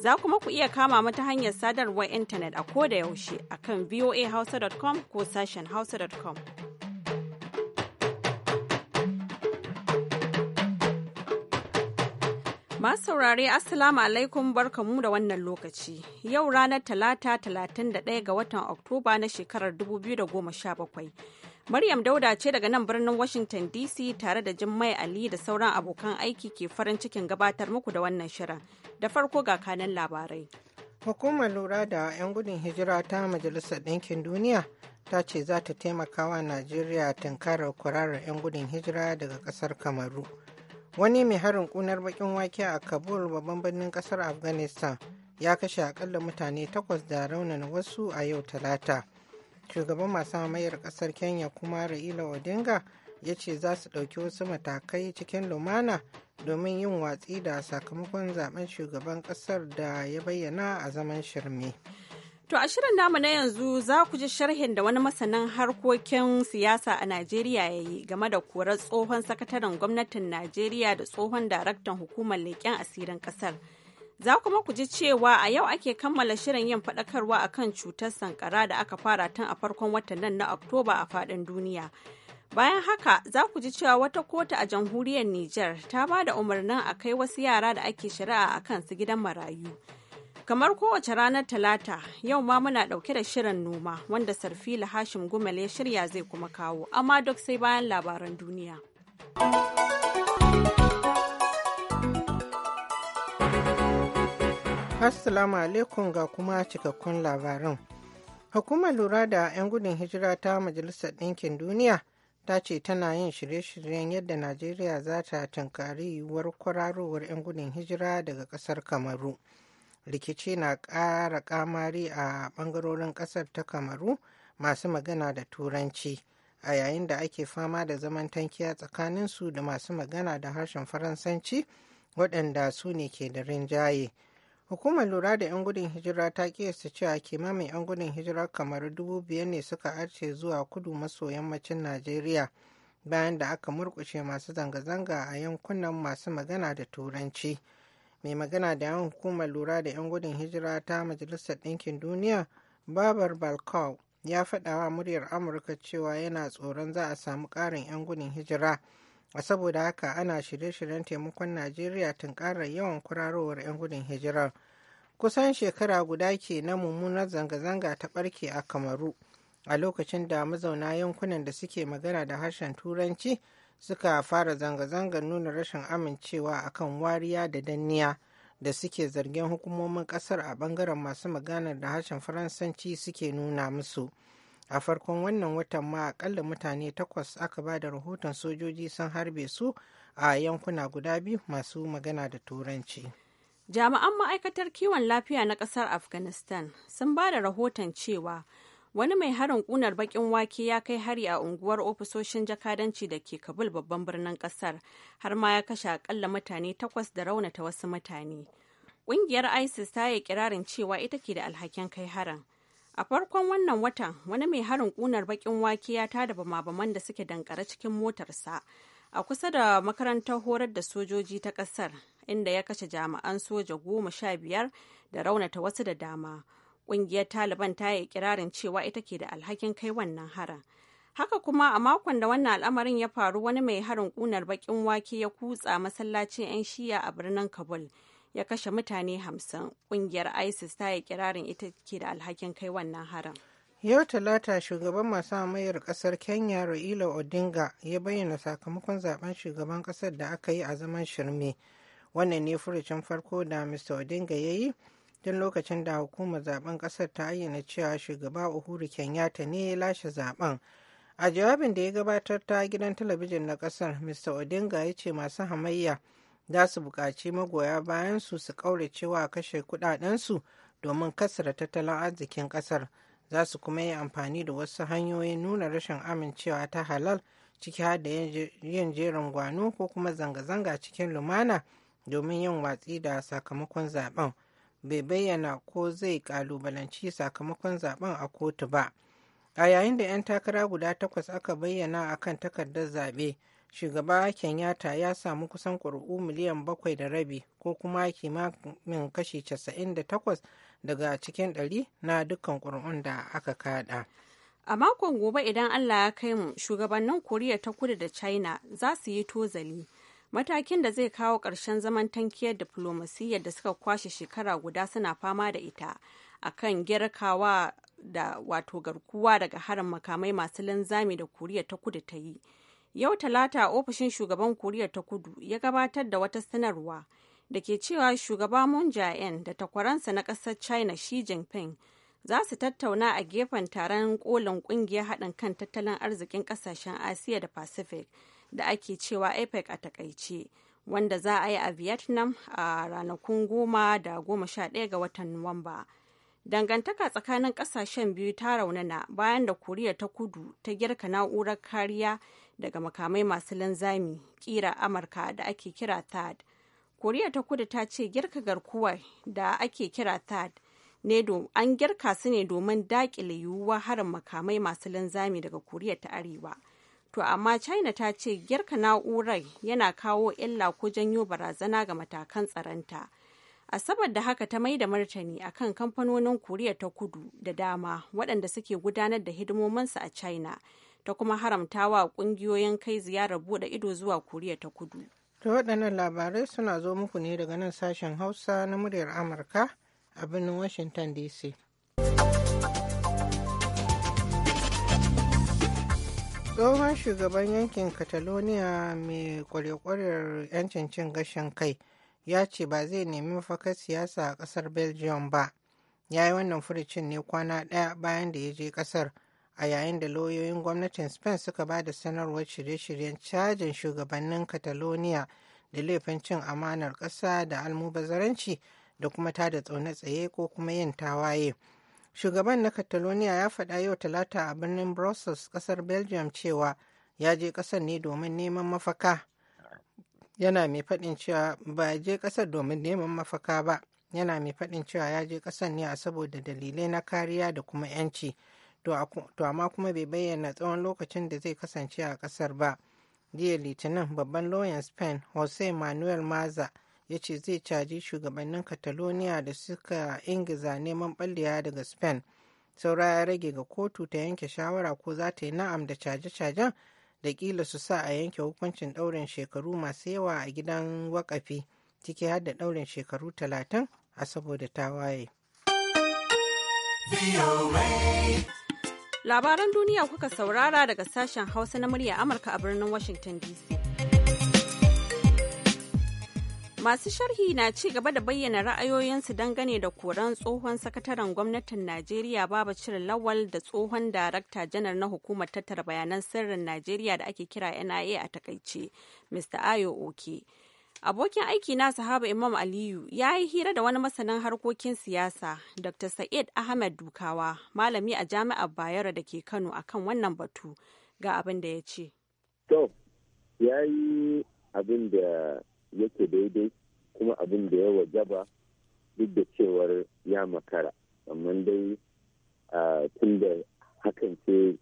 Za kuma ku iya kama mu ta hanyar sadarwar intanet a ko da yaushe a kan voahausa.com ko sashen hausa.com. Masu saurare Assalamu alaikum barkamu da wannan lokaci. Yau ranar Talata 31 ga watan Oktoba na shekarar 2017. Maryam Dauda ce daga nan birnin Washington DC tare da Jummai Ali da sauran abokan aiki ke farin cikin gabatar muku da wannan shirin. Da farko ga kanan labarai. Hukumar lura da 'yan gudun hijira ta Majalisar Ɗinkin Duniya ta ce za ta taimaka wa Najeriya tunkarar kwararar 'yan gudun hijira daga ƙasar Kamaru. Wani mai harin ƙunar baƙin wake a Kabul babban birnin ƙasar Afghanistan ya kashe akalla mutane takwas da raunana wasu a yau Talata. shugaban masu hamayar kasar kenya kuma raila odinga ya ce za su ɗauki wasu matakai cikin lumana domin yin watsi da sakamakon zaben shugaban kasar da ya bayyana a zaman shirme. To a shirin namu na yanzu za ku ji sharhin da wani masanin harkokin siyasa a Najeriya ya yi game da korar tsohon sakataren gwamnatin Najeriya da tsohon daraktan hukumar leƙen asirin ƙasar. Za kuma ku ji cewa a yau ake kammala shirin yin faɗakarwa kan cutar sankara da aka fara tun a farkon watan nan na Oktoba a faɗin duniya. Bayan haka za ku ji cewa wata kotu a jamhuriyar Nijar ta ba da umarnin a kai wasu yara da ake shari'a a kansu gidan marayu. Kamar kowace ranar Talata, yau ma muna ɗauke da shirin noma wanda Sarfila Hashim Gumel ya shirya zai kuma kawo, amma duk sai bayan labaran duniya. Assalamu alaikum ga kuma cikakkun labarin. Hukumar lura da 'yan gudun hijira ta Majalisar Ɗinkin Duniya ta ce tana yin shirye-shiryen yadda Najeriya za ta tunkari yiwuwar kwararowar 'yan gudun hijira daga ƙasar Kamaru. Rikici na ƙara ƙamari a ɓangarorin ƙasar ta Kamaru masu magana da Turanci. a yayin da ake fama da zaman tankiya tsakaninsu da masu magana da harshen faransanci waɗanda su ne ke da rinjaye Hukumar lura da 'yan gudun hijira ta kiyasta cewa kimamin 'yan gudun hijira kamar dubu biyar ne suka arce zuwa kudu maso yammacin Najeriya bayan da aka murkushe masu zanga-zanga a yankunan masu magana da Turanci. Mai magana da 'yan hukumar lura da 'yan gudun hijira ta Majalisar Ɗinkin Duniya, Babar Balkaw, ya faɗawa muryar Amurka cewa yana tsoron za a samu ƙarin 'yan gudun hijira. A saboda haka ana shirye-shiryen taimakon najeriya tunkarar yawan kurarowar 'yan gudun hijira kusan shekara guda ke na mummunar zanga-zanga ta barke a kamaru a lokacin da mazauna yankunan da suke magana da harshen turanci suka fara zanga zanga nuna rashin amincewa akan wariya da danniya da suke zargin hukumomin kasar a bangaren masu maganar da harshen faransanci suke nuna musu. a farkon wannan watan ma akalla mutane takwas aka ba da rahoton sojoji sun harbe su a yankuna guda biyu masu magana da turanci jami'an ma'aikatar kiwon lafiya na kasar afghanistan sun ba da rahoton cewa wani mai harin kunar bakin wake ya kai hari a unguwar ofisoshin jakadanci da ke kabul babban birnin kasar har ma ya kashe akalla mutane takwas da raunata wasu mutane ƙungiyar isis ta yi kirarin cewa ita ke da alhakin kai harin a farkon wannan watan wani mai harin kunar bakin wake ya tada bama-baman da suke dankare cikin motarsa a kusa da makarantar horar da sojoji ta kasar inda ya kashe jami'an soja goma sha biyar da raunata wasu da dama ƙungiyar taliban ta yi kirarin cewa ita ke da alhakin kai wannan harin haka kuma a makon da wannan al'amarin ya faru wani mai harin kunar bakin wake ya kutsa masallacin 'yan shiya a birnin kabul ya kashe mutane hamsin ƙungiyar isis ta yi kirarin ita ke da alhakin kai wannan harin yau talata shugaban masu amayar kasar kenya raila odinga ya bayyana sakamakon zaben shugaban kasar da aka yi a zaman shirme wannan ne furucin farko da mr odinga ya yi don lokacin da hukumar zaben kasar ta ayyana cewa shugaba uhuru kenyatta ne ya lashe zaben a jawabin da ya gabatar ta gidan talabijin na kasar mr odinga ya ce masu hamayya za su buƙaci magoya bayan su su cewa kashe kuɗaɗensu domin kasara tattalin arzikin ƙasar za su kuma yi amfani da wasu hanyoyin nuna rashin amincewa ta halal ciki har da yin jerin gwano ko kuma zanga-zanga cikin lumana domin yin watsi da sakamakon zaben bai bayyana ko zai kalubalanci sakamakon zaben a kotu ba a yayin da 'yan takara guda takwas aka bayyana akan takardar zaɓe shugaba kenyatta ya samu kusan ƙuri'u miliyan bakwai da rabi ko kuma kimanin kashi casa'in da takwas daga cikin ɗari na dukkan ƙuri'un da aka kada a makon gobe idan allah ya kai mu shugabannin koriya ta kudu da china za su yi tozali matakin da zai kawo ƙarshen zaman tankiyar diflomasiyyar da suka kwashe shekara guda suna fama da ita akan girkawa da wato garkuwa daga harin makamai masu linzami da koriya ta kudu ta yi Yau Talata ofishin shugaban Koriya ta Kudu ya gabatar da wata sanarwa da ke cewa shugaba Moon Jae-in da takwaransa na ƙasar China shi Jinping za su tattauna a gefen taron kolin kungiyar haɗin kan tattalin arzikin ƙasashen Asiya da Pacific da ake cewa APEC a takaice. wanda za a yi a vietnam a ranakun goma da goma sha ɗaya ga watan nuwamba dangantaka tsakanin ƙasashen biyu ta raunana bayan da koriya ta kudu ta girka na'urar kariya daga makamai masu linzami kira amurka da ake kira thad koriya ta kudu ta ce girka garkuwar da ake kira thad ne an girka su ne domin dakile yiwuwa harin makamai masu linzami daga koriya ta arewa to amma china ta ce girka na'urar yana kawo illa ko janyo barazana ga matakan tsaronta asabar da haka ta mai da martani akan kamfanonin koriya ta kudu da dama waɗanda suke gudanar da hidimominsu a china ta kuma haramta wa kungiyoyin kai ziyarar bude ido zuwa koriya ta kudu to waɗannan labarai suna zo muku ne daga nan sashen hausa na muryar amurka a birnin washington dc tsohon shugaban yankin catalonia mai kwarekwarar 'yancin cin gashin kai ya ce ba zai nemi mafakar siyasa a kasar belgium ba ya yi wannan furicin ne kwana ɗaya bayan da ya je kasar a yayin da lauyoyin gwamnatin spain suka ba da sanarwar shirye-shiryen cajin shugabannin catalonia da laifin cin amanar ƙasa da almubazaranci da kuma da tsaune tsaye ko kuma yin tawaye shugaban na catalonia ya faɗa yau talata a birnin brussels ƙasar belgium cewa ya je ƙasar ne domin neman mafaka yana mai faɗin cewa ba je ƙasar domin neman mafaka ba yana mai faɗin cewa ya je ƙasar ne a saboda dalilai na kariya da kuma 'yanci. to amma kuma bai bayyana tsawon lokacin da zai kasance a kasar ba jiya litinin babban lauyan spain jose manuel maza ya ce zai caji shugabannin catalonia da suka ingiza neman ɓalliya daga spain saura ya rage ga kotu ta yanke shawara ko za ta yi na'am da caje-cajen da kila su sa a yanke hukuncin ɗaurin shekaru masu yawa a gidan wakafi ciki har da ɗaurin shekaru talatin a saboda tawaye. Labaran duniya kuka saurara daga sashen Hausa na murya Amurka a birnin Washington DC. Masu sharhi na ci gaba da bayyana ra'ayoyinsu dangane da koran tsohon sakataren gwamnatin Najeriya Baba Cire Lawal da tsohon darakta janar na hukumar tattara bayanan sirrin Najeriya da ake kira NIA a takaice, Mr. Ayo Oke. Abokin aiki na sahaba Imam Aliyu ya yi hira da wani masanin harkokin siyasa, Dr. Sa'id Ahmed Dukawa, malami a Jami'ar Bayero da ke Kano akan wannan batu ga abin da ya ce. To, ya yi abin da yake daidai kuma abin da ya wajaba duk da cewar ya makara, amma dai tun da hakan ce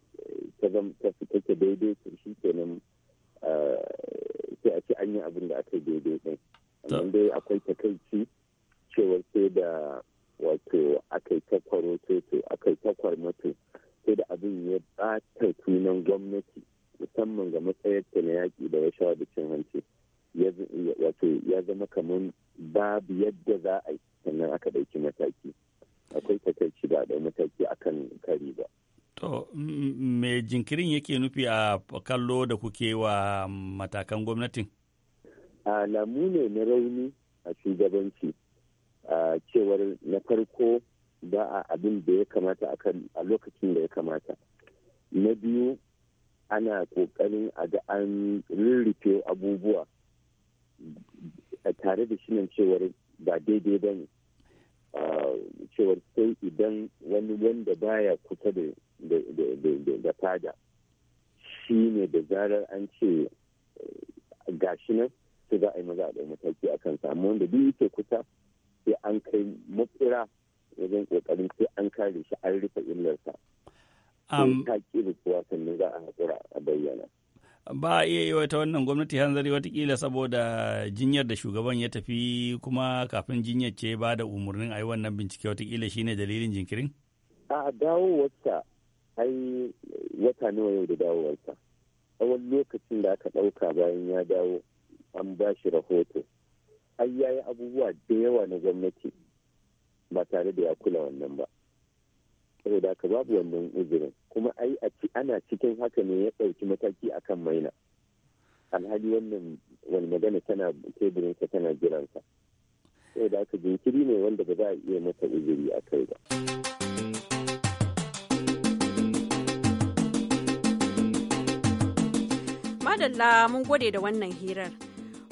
ta take daidai shi kenan Eh, sai a ce an yi abin da aka yi daidai din amma dai akwai takaici cewa sai da wato aka yi aka yi takwar mato sai da abin ya ɓata sunan gwamnati musamman ga matsayarta na yaƙi da rashawa da cin hanci wato ya zama kamar babu yadda za a yi jinkirin yake nufi a kallo da kuke wa matakan gwamnatin? Alamu ne na rauni a shugabanci cewar na farko ba a abin da ya kamata a lokacin da ya kamata. Na biyu ana ƙoƙarin a ga an rurrufe abubuwa tare da shinan cewar ba daidai ba ne. cewar sai idan wani wanda baya kusa da fada shi ne da zarar an ce eh, gashi nan su za a yi maza a mataki a kan samu wanda duk yake kusa sai an kai matsira wajen kokarin sai an kare shi an rufe illarsa. sai ta ƙi sannan za a haƙura a bayyana. ba a iya yi wata wannan gwamnati hanzari watakila saboda jinyar da shugaban ya tafi kuma kafin jinyar ce ba da umarnin ayi wannan bincike watakila shine dalilin jinkirin? A dawowarsa ai wata nawa yau da dawowarsa. Tsawon lokacin da aka ɗauka bayan ya dawo an ba shi rahoto. Ai ya yi abubuwa da yawa na gwamnati ba tare da ya kula wannan ba. saboda haka babu wannan uzurin kuma ai a ci ana cikin haka ne ya ɗauki mataki akan maina alhali wannan wani magana tana teburin ka tana jiran jiransa saboda haka jinkiri ne wanda ba za a iya mata uzuri a kai ba. Madalla mun gode da wannan hirar.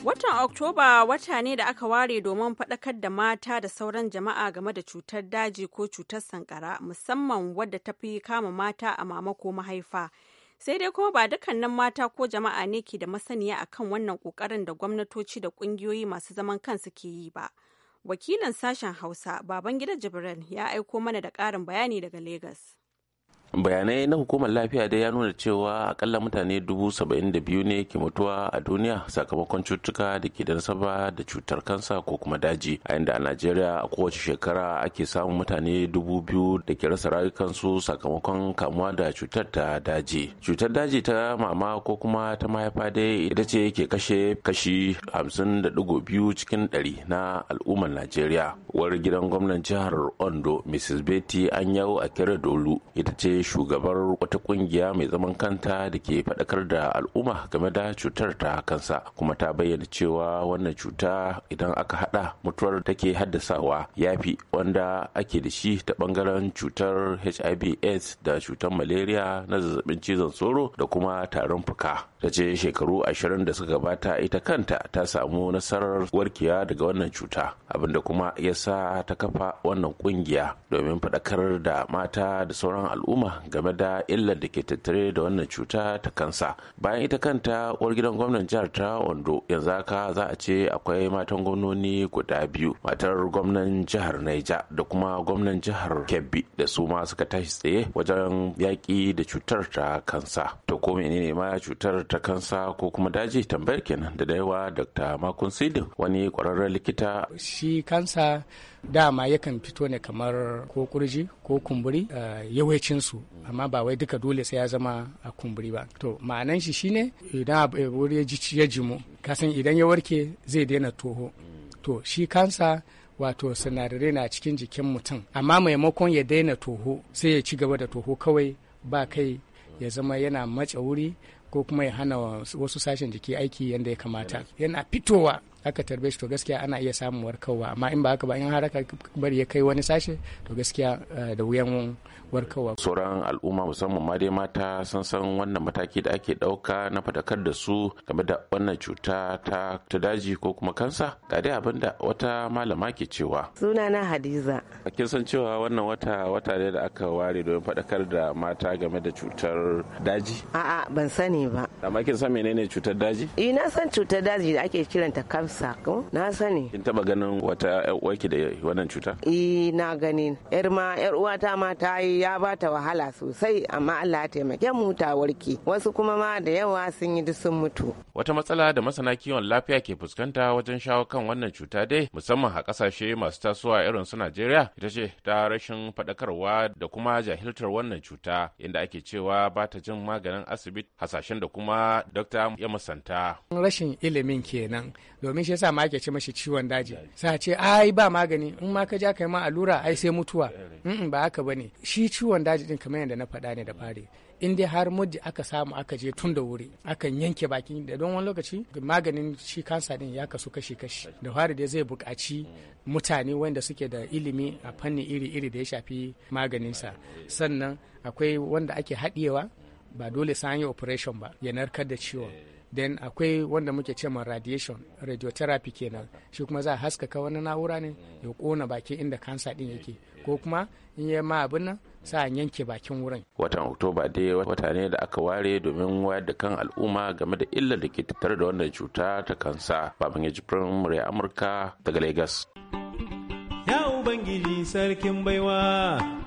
Watan Oktoba wata ne da aka ware domin faɗakar da mata da sauran jama'a game da cutar daji ko cutar sankara musamman wadda ta fi kama mata a mama ko mahaifa. Sai dai kuma ba dukkanin mata ko jama'a ne ke da masaniya a kan wannan ƙoƙarin da gwamnatoci da ƙungiyoyi masu zaman kansu ke yi ba. Wakilin sashen Hausa, Babangida Jibril, ya aiko mana da ƙarin bayani daga Legas. bayanai na hukumar lafiya dai ya nuna cewa akalla mutane dubu saba'in da biyu ne ke mutuwa a duniya sakamakon cutuka da ke da nasaba da cutar kansa ko kuma daji a inda a najeriya a kowace shekara ake samun mutane dubu biyu da ke rasa rayukansu sakamakon kamuwa da cutar ta daji cutar daji ta mama ko kuma ta mahaifa dai ita ce ke kashe kashi hamsin da digo biyu cikin dari na al'ummar najeriya uwar gidan gwamnan jihar ondo mrs betty anyau kira dolu ita ce shugabar wata kungiya mai zaman kanta da ke faɗakar da al'umma game da cutar ta kansa kuma ta bayyana cewa wannan cuta idan aka hada mutuwar take haddasawa yafi wanda ake da shi ta bangaren cutar hiv aids da cutar malaria na zazzabin cizon sauro da kuma tarin fuka ta ce shekaru ashirin da suka gabata ita kanta ta samu nasarar warkewa daga wannan cuta abinda kuma ya sa ta kafa wannan kungiya domin faɗakar da mata da sauran al'umma al'umma game da illar da ke tattare da wannan cuta ta kansa bayan ita kanta uwar gidan gwamnan jihar ta ondo yanzu haka za a ce akwai matan gwamnoni guda biyu matar gwamnan jihar naija da kuma gwamnan jihar kebbi da su ma suka tashi tsaye wajen yaƙi da cutar ta kansa to ko menene ma cutar ta kansa ko kuma daji tambayar kenan da daiwa dr makun sidin wani kwararren likita shi kansa dama yakan fito ne kamar ko kurji ko kumburi eh, yawancin su amma ba wai duka dole sai ya zama a kumburi ba to ma'anan shi shine idan eh, wuri ya ji jimu kasan idan ya warke zai daina toho to shi kansa wato sinadarai na cikin jikin mutum amma maimakon ya daina toho sai ya ci gaba da toho kawai ba kai ya zama yana matse wuri ko kuma ya hana wasu sashen jiki aiki yadda ya kamata yana fitowa aka tarbe shi to gaskiya ana iya samun warkarwa amma in ba haka ba in har aka bari ya kai wani sashe to gaskiya eh, da wuyan warkarwa sauran al'umma musamman ma dai mata san san wannan mataki da ake dauka na fadakar da su game da wannan cuta ta ta daji ko kuma kansa ga dai abin da wata malama ke cewa sunana hadiza kin san cewa wannan wata wata ne da aka ware don fadakar da mata game da cutar daji a'a ban sani ba amma kin san menene cutar daji ina eh, san cutar daji da ake kiranta kansa sako na sani kin taba ganin wata yar uwarki da wannan cuta eh na gani yar ma yar uwata ma ta yi ya ba ta wahala sosai amma Allah ya taimake mu ta warke wasu kuma ma da yawa sun yi sun mutu wata matsala da masana kiwon lafiya ke fuskanta wajen shawo kan wannan cuta dai musamman a kasashe masu tasowa irin su Najeriya ita ce ta rashin fadakarwa da kuma jahiltar wannan cuta inda ake cewa ba ta jin maganin asibiti hasashen da kuma dokta ya musanta rashin ilimin kenan domin shi yasa ma ake ce mashi ciwon daji sai a ce ai ba magani in ma ka ja kai ma allura ai sai mutuwa ba haka bane shi ciwon daji din kamar yadda na faɗa ne da fari in dai har muddi aka samu aka je tun da wuri akan yanke bakin da don wani lokaci maganin shi kansa din ya kasu kashi kashi da fari dai zai buƙaci mutane wanda suke da ilimi a fanni iri iri da ya shafi maganin sa sannan akwai wanda ake haɗiyewa ba dole sa an yi operation ba ya narkar da ciwon den akwai wanda muke ce ma radiation radiotherapy kenan shi kuma za a haskaka wani na'ura ne ya kona bakin inda kansa din yake ko kuma in yi ma abin nan sa a yanke bakin wurin watan oktoba dai wata ne da aka ware domin wayar da kan al'umma game da illar da ke tattare da wannan cuta ta kansa baban ya jibrin murya amurka daga lagos ya ubangiji sarkin baiwa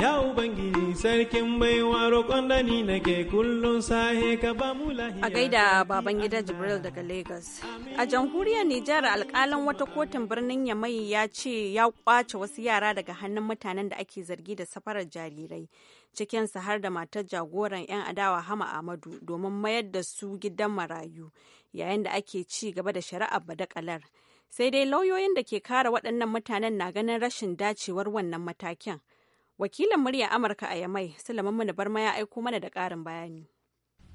Ya Ubangiji sarkin baiwa roƙon da nake kullum sahe ka ba mu lahiya. A gaida baban gida Jibril daga Lagos. A jamhuriyar Nijar alkalin wata kotun birnin Yamai ya ce ya kwace wasu yara daga hannun mutanen da ake zargi da safarar jarirai. cikinsa har da matar jagoran 'yan adawa Hama Amadu domin mayar da su gidan marayu yayin da ake ci gaba da shari'ar badakalar. Sai dai lauyoyin da ke kare waɗannan mutanen na ganin rashin dacewar wannan matakin. Wakilin murya Amurka a Yamai, Sulaiman Mani Barma ya aiko mana da ƙarin bayani.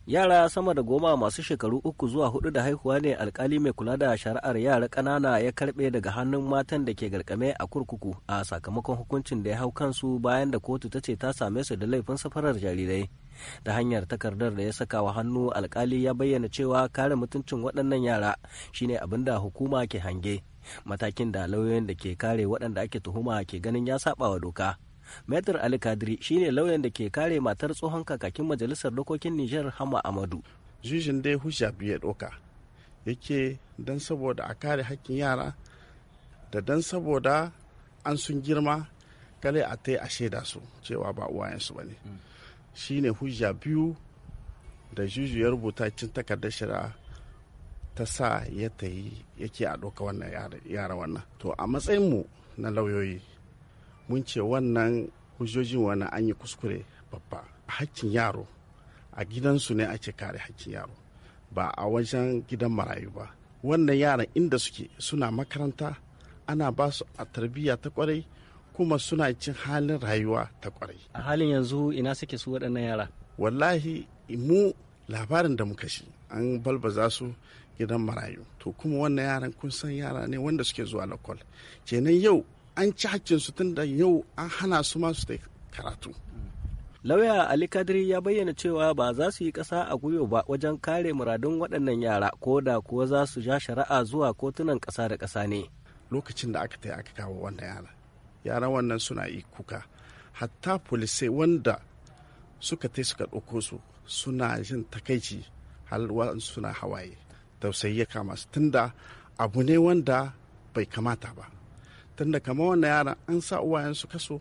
Yara sama da goma masu shekaru uku zuwa hudu da haihuwa ne alkali mai kula da shari'ar yara ƙanana ya karbe daga hannun matan da ke garkame a kurkuku a sakamakon hukuncin da ya hau kansu bayan da kotu ta ce ta same su da laifin safarar jarirai. ta hanyar takardar da ya saka wa hannu alkali ya bayyana cewa kare mutuncin waɗannan yara shine abin da hukuma ke hange matakin da lauyoyin da ke kare waɗanda ake tuhuma ke ganin ya saba wa doka Metar Ali Kadri shine lauyan da ke kare matar tsohon kakakin majalisar dokokin Nijar Hama Amadu. Jujin dai hujja biyu ya ɗauka yake don saboda a kare hakkin yara da don saboda an sun girma kale a ta a shaida su cewa ba uwayensu ba ne. Mm. shi ne hujja biyu da juju ya rubuta cin takardar shari'a ta sa ya ta yi yake a ɗauka wannan yara wannan. To a matsayin mu na lauyoyi mun ce wannan hujjojin wani an yi kuskure babba hakkin yaro a gidansu ne ake kare hakkin yaro ba a wajen gidan marayu ba wannan yaran inda suke suna makaranta ana ba su a tarbiyya ta kwarai kuma suna cin halin rayuwa ta kwarai a halin yanzu ina suke su waɗannan yara wallahi mu labarin da muka shi an balbaza su gidan marayu to kuma wannan yaran kun san yara ne wanda suke zuwa lakol kenan yau an ci hakkinsu tun da yau an hana su ma su karatu lauya ali kadri ya bayyana cewa ba za su yi ƙasa a gwiwa ba wajen kare muradun waɗannan yara ko da kuwa za su ja shari'a zuwa kotunan ƙasa da ƙasa ne lokacin da aka ta aka kawo wannan yara yaran wannan suna yi kuka hatta polisai wanda suka tai suka ɗauko su suna jin takaici har suna hawaye tausayi ya kama su tunda abu ne wanda bai kamata ba tunda kamar wannan yara an sa uwayensu kaso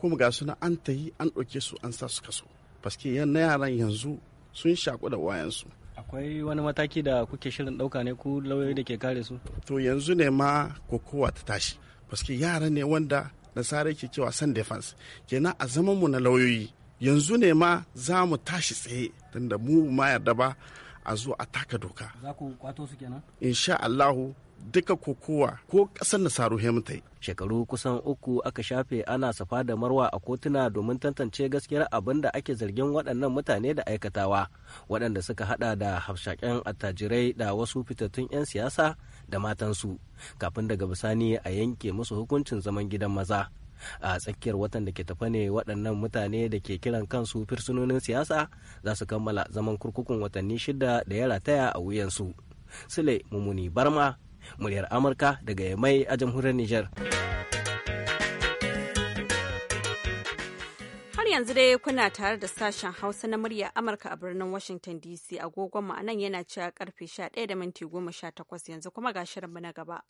kuma ga suna an ta yi an ɗauke su an sa su kaso paske na yaran yanzu sun shaku da uwayensu akwai wani mataki da kuke shirin ɗauka ne ku lauyoyi da ke kare su to yanzu ne ma kokowa ta tashi paske yara ne wanda nasara ke cewa san defense kenan a zaman mu na lauyoyi yanzu ne ma za mu tashi tsaye tunda mu ma yarda ba a zo a taka doka za ku kwato su kenan insha Allahu duka kokowa ko ƙasar nasaru hemtai shekaru kusan uku aka shafe ana safa da marwa a kotuna domin tantance gaskiyar abin da ake zargin waɗannan mutane da aikatawa waɗanda suka hada da hafshaƙen attajirai da wasu fitattun 'yan siyasa da matansu kafin daga bisani a yanke musu hukuncin zaman gidan maza a tsakiyar watan da ke tafa ne waɗannan mutane da ke kiran kansu fursunonin siyasa za su kammala zaman kurkukun watanni shida da ya rataya a wuyansu sule mumuni barma muryar amurka daga yamai a jamhuriyar niger har yanzu dai kuna tare da sashen hausa na muryar amurka a birnin washington dc agogon mu anan yana cewa karfe 11 da minti 18 yanzu kuma ga shirinmu na gaba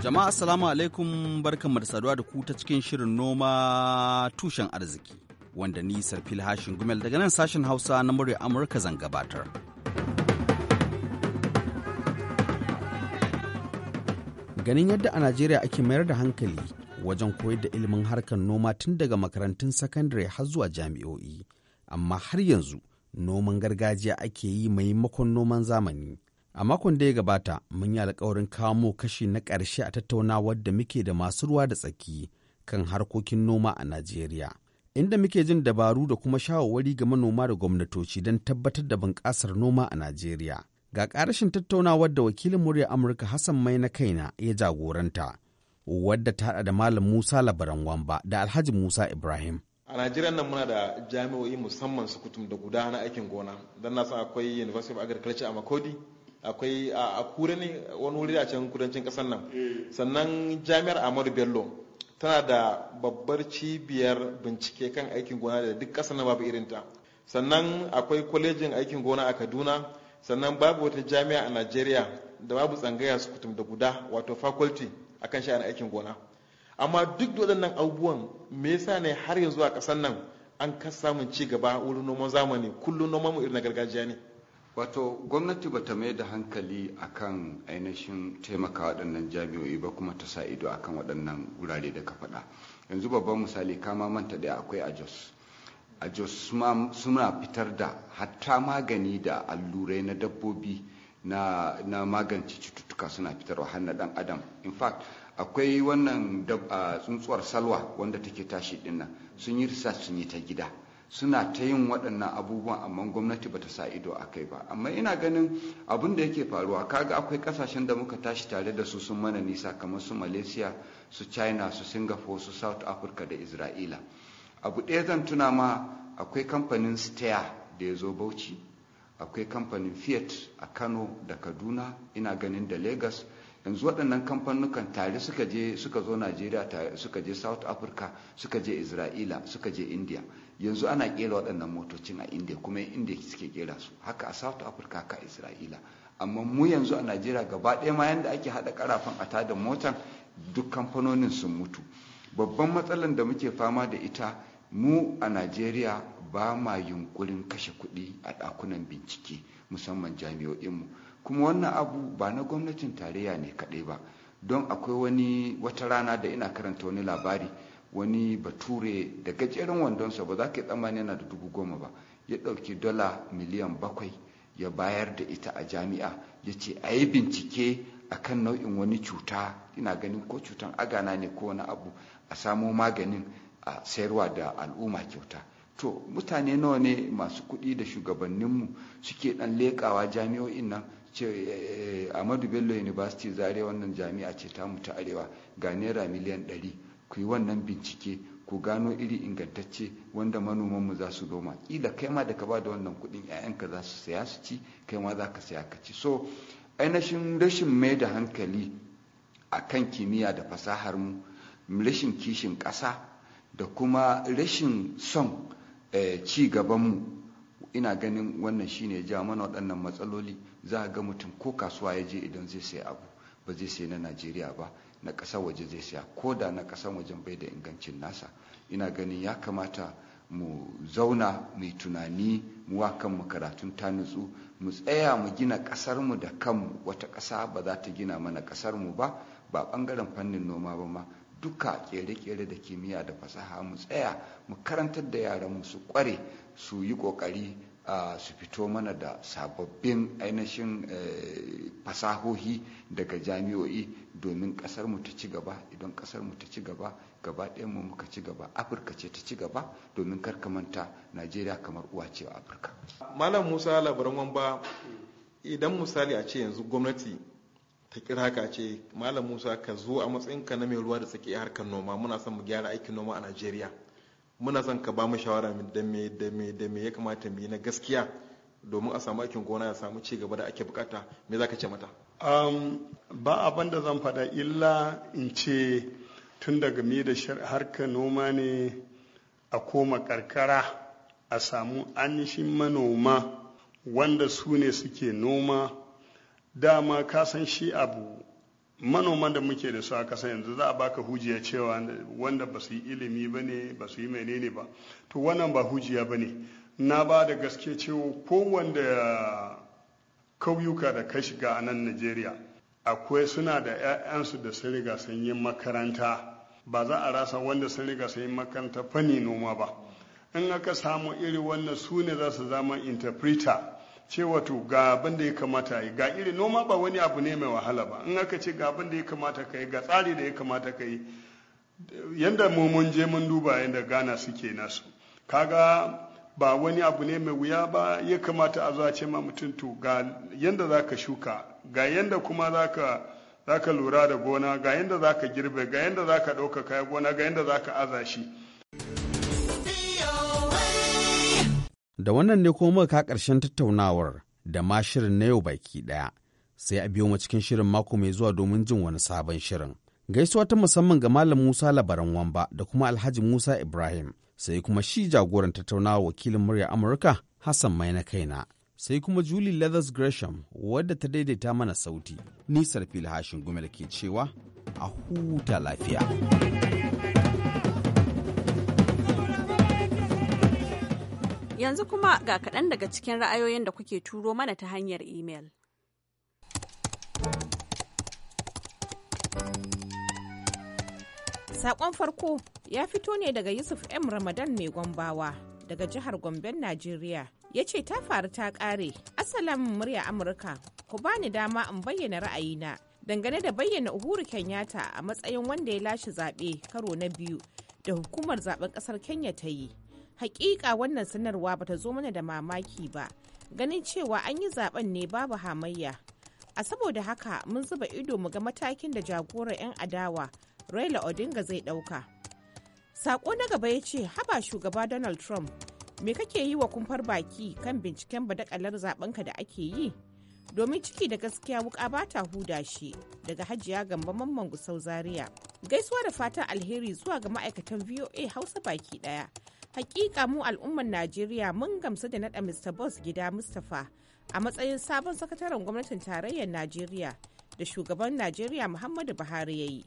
Jama'a assalamu alaikum barkanmu da saduwa da ku ta cikin shirin noma tushen arziki wanda ni sarfil hashin gumel daga nan sashen hausa na murya amurka zan gabatar ganin yadda a najeriya ake mayar da hankali wajen koyar da ilimin harkar noma tun daga makarantun sakandare har zuwa jami'o'i amma har yanzu noman gargajiya ake yi maimakon noman zamani a makon da ya gabata mun yi alkawarin kamo kashi na ƙarshe a tattaunawar da muke da masu ruwa da tsaki kan harkokin noma a najeriya inda muke jin dabaru da kuma shawarwari ga manoma da gwamnatoci don tabbatar da bunƙasar noma a Najeriya. Ga ƙarashin tattaunawar da wakilin murya Amurka Hassan Mai na kaina ya jagoranta, wadda ta haɗa da Malam Musa Labaran Wamba da Alhaji Musa Ibrahim. a najeriya nan muna da jami'o'i musamman su kutum da guda na aikin gona don na san akwai university of agriculture a makodi akwai a kure ne wani wuri a can kudancin ƙasar nan eh. sannan jami'ar ahmadu bello tana da babbar cibiyar bincike kan aikin gona da duk ƙasa na babu irinta sannan akwai kwalejin aikin gona a kaduna sannan babu wata jami'a a najeriya da babu tsangaya su kutum da guda wato faculty akan sha'anin aikin gona amma duk da waɗannan abubuwan me yasa ne har yanzu a ƙasar nan an kasa samun ci gaba wurin noman zamani kullum noman mu irin na gargajiya ne wato gwamnati ba ta mai da hankali akan ainihin taimaka waɗannan jami'o'i ba kuma ta sa ido akan waɗannan wurare da ka faɗa yanzu babban misali kama manta da akwai a jos a jos suna fitar da hatta magani da allurai na dabbobi na, magance cututtuka suna fitarwa har na ɗan adam in fact akwai wannan tsuntsuwar salwa wanda take tashi dinnan sun yi risa sun yi ta gida suna ta yin waɗannan abubuwan amma gwamnati ba ta sa ido a kai ba amma ina ganin abin da yake faruwa kaga akwai kasashen da muka tashi tare da su sun mana nisa kamar su malaysia su china su singapore su south africa da isra'ila abu ɗaya zan tuna ma akwai kamfanin steya da ya zo bauchi akwai kamfanin fiat a kano da kaduna ina ganin da lagos yanzu waɗannan kamfanukan tare suka je suka zo najeriya suka je south africa suka je isra'ila suka je india yanzu ana kera waɗannan motocin a Indiya kuma inda suke kera su haka a south africa ka isra'ila amma mu yanzu a najeriya gaba ɗaya ma yanda ake haɗa karafan a tada motan duk kamfanonin sun mutu babban matsalar da muke fama da ita mu a najeriya ba ma yunkurin kashe kuɗi a ɗakunan bincike musamman jami'o'inmu kuma wannan abu ba na gwamnatin tarayya ne kaɗai ba don akwai wani wata rana da ina karanta wani labari wani bature da gajeren wandonsa ba za ka yi tsammani yana da dubu goma ba ya ɗauki dala miliyan bakwai ya bayar da ita a jami'a ya ce a yi bincike a kan nau'in wani cuta ina ganin ko cutan agana ne ko wani abu a samo maganin a sayarwa da al'umma kyauta to mutane nawa ne masu kuɗi da shugabanninmu suke ɗan leƙawa jami'o'in nan ce eh, amadu bello university zare wannan jami'a ce tamu ta arewa ga naira miliyan ɗari ku yi wannan bincike ku gano iri ingantacce wanda manomanmu za su doma ƙila kai ma da ka ba da wannan kuɗin 'ya'yanka za su saya su ci kai ma za ka saya ka ci so ainihin rashin mai da hankali a kan kimiyya da fasahar mu rashin kishin ƙasa da kuma rashin son eh, ci gaban mu ina ganin wannan shine ja mana waɗannan matsaloli za a ga mutum ko kasuwa ya je idan zai sai abu ba zai sai na najeriya ba na ƙasar waje zai siya ko da na ƙasar wajen bai da ingancin nasa ina ganin ya kamata mu zauna mu tunani mu wa kanmu karatun ta nutsu mu tsaya mu gina ƙasarmu da kanmu wata ƙasa ba za ta gina mana ƙasarmu ba ba ɓangaren fannin noma ba ma duka kere-kere da kimiyya da fasaha mu tsaya mu karantar da yaranmu su kware su yi ƙoƙari. su fito mana da sababbin ainihin eh, fasahohi daga jami'o'i domin ƙasarmu ta ci gaba idan ƙasarmu ta ci gaba gaba mu muka ci gaba afirka ce ta ci gaba domin manta najeriya kamar uwa ce a afirka malam musa labaran wamba idan misali a ce yanzu gwamnati ta kira ka ce malam musa ka zo a matsayinka na mai ruwa da tsaki harkar noma muna son mu gyara aikin noma a najeriya muna son ka ba mu shawara da me da me da me ya kamata mu yi na gaskiya domin a samu aikin gona ya samu ci gaba da ake bukata me ka ce mata um, ba abin da zan faɗa illa in ce tun daga me da harkar noma ne a koma karkara a samu anishin manoma wanda su ne suke noma dama ka san shi abu manoman da muke da su a ƙasa yanzu za a baka hujiya cewa wanda ba su yi ilimi ba ne ba su yi menene ba to wannan ba hujiya ba ne na ba da gaske cewa kowanda kauyuka da ka shiga a nan najeriya akwai suna da 'ya'yansu da sun riga sun yi makaranta ba za a rasa wanda sun riga sun yi makaranta fanni noma ba in aka samu iri wannan su ne za su zama interpreter Cewa wato ga abin da ya kamata yi ga irin noma ba wani abu ne mai wahala ba in aka ce ga abin da ya kamata ka yi ga tsari da ya kamata ka yi yadda mun je mun duba yadda gana suke nasu kaga ba wani abu ne mai wuya ba ya kamata a zuwa ce ma mutum to ga yadda za ka shuka ga yadda kuma za ka lura da gona ga yadda za ka girbe ga yadda za ka ɗauka kaya gona ga yadda za ka aza shi Da wannan ne kuma muka karshen tattaunawar da ma shirin na yau baki ɗaya. Sai a biyo mu cikin shirin mako mai zuwa domin jin wani sabon shirin. Gaisuwa ta musamman ga Malam Musa Labaran Wamba da kuma Alhaji Musa Ibrahim, sai kuma shi jagoran tattaunawa wakilin murya Amurka Hassan Mai na kaina. Sai kuma Julie Leathers Gresham wadda ta daidaita mana sauti. nisar filhashin Gumel ke cewa a huta lafiya. Yanzu kuma ga kaɗan daga cikin ra'ayoyin da kuke turo mana ta hanyar imel. saƙon farko ya fito ne daga Yusuf M. Ramadan mai gombawa daga jihar Gomben, Najeriya. Ya ce ta faru ta ƙare, asalin murya Amurka, ku bani dama in bayyana ra'ayina dangane da bayyana Uhuru Kenyatta a matsayin wanda ya lashe zaɓe karo na biyu da hukumar zaɓen ƙasar Kenya ta yi. Hakika wannan sanarwa bata zo mana da mamaki ba, ganin cewa an yi zaben ne babu hamayya. A saboda haka mun zuba ido mu ga matakin da jagorar 'yan adawa Raila Odinga zai ɗauka. Sako na gaba ya ce haba shugaba Donald Trump, me kake yi wa kumfar baki kan binciken badakalar zabenka da ake yi? domin ciki da gaskiya wuka ba ta huda shi daga hajiya gamba mamman gusau zaria gaisuwa da fatan alheri zuwa ga ma'aikatan voa hausa baki daya Hakika mu al'ummar Najeriya mun gamsu da naɗa Mr. Boss gida Mustapha a matsayin sabon sakataren gwamnatin tarayyar Najeriya da shugaban Najeriya Muhammadu Buhari ya yi.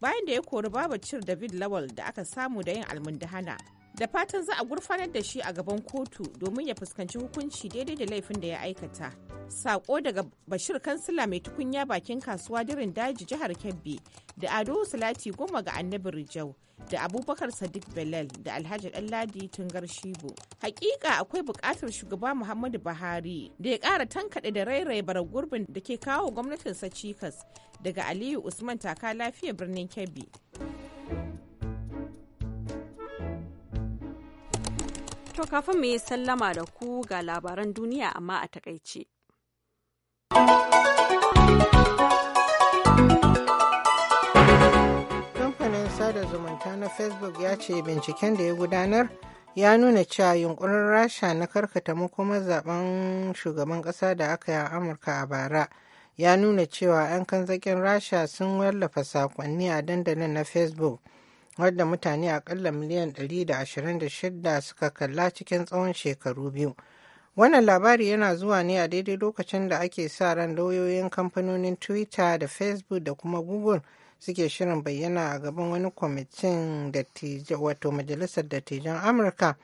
Bayan da ya kori Babacir David Lawal da aka samu da yin almundahana. da fatan za a gurfanar da shi a gaban kotu domin ya fuskanci hukunci daidai da laifin da ya aikata sako daga bashir kansila mai tukunya bakin kasuwa dirin daji jihar kebbi da ado salati goma ga annabi rijau da abubakar sadiq belal da alhaji ɗanladi tungar shibo hakika akwai bukatar shugaba muhammadu buhari da ya ƙara tankaɗe da rairaye bara gurbin da ke kawo gwamnatin sa cikas daga aliyu usman taka lafiya birnin kebbi To kafin mu yi sallama da ku ga labaran duniya amma a takaice. Kamfanin sada zumunta na Facebook ya ce binciken da ya gudanar ya nuna cewa yunkurin rasha na karkata makomar zaben shugaban kasa da aka yi a amurka a bara ya nuna cewa 'yan kanzakin rasha sun wallafa saƙonni a dandalin na facebook wadda mutane akalla miliyan 126 suka kalla cikin tsawon shekaru biyu. Wannan labari yana zuwa ne a daidai lokacin da ake sa ran lauyoyin kamfanonin Twitter da Facebook da kuma Google suke shirin bayyana a gaban wani kwamitin wato majalisar dattijan Amurka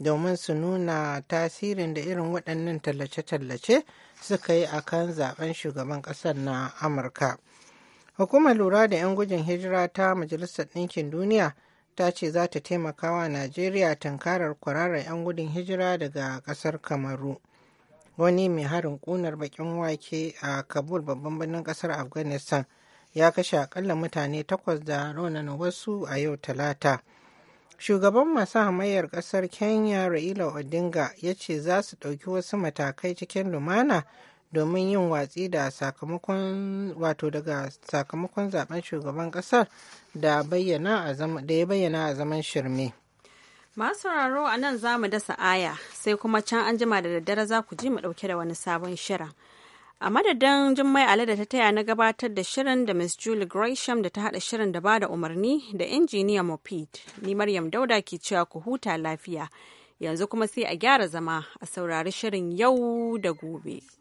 domin su nuna tasirin da irin waɗannan tallace-tallace suka yi a kan zaben shugaban ƙasar na Amurka. Hukumar lura da 'yan gujin hijira ta Majalisar Ɗinkin Duniya ta ce za ta taimaka wa Najeriya tankarar kwararar 'yan gudun hijira daga ƙasar Kamaru. Wani mai harin ƙunar bakin wake a Kabul babban birnin ƙasar Afghanistan ya kashe akalla mutane takwas da raunana wasu a yau talata. Shugaban masu hamayyar ƙasar Kenya Raila Odinga ya ce za su ɗauki wasu matakai cikin lumana domin yin watsi da sakamakon wato daga sakamakon zaben shugaban kasar da ya bayyana a zaman shirme. Masu sauraro a nan za mu dasa aya sai kuma can an jima da daddare za ku ji mu dauke da wani sabon shirin. A madadin Jummai Ali ta taya na gabatar da shirin da Miss Julie Gresham da ta hada shirin da bada umarni da injiniya Mopid, ni Maryam Dauda ke cewa ku huta lafiya. Yanzu kuma sai a gyara zama a saurari shirin yau da gobe.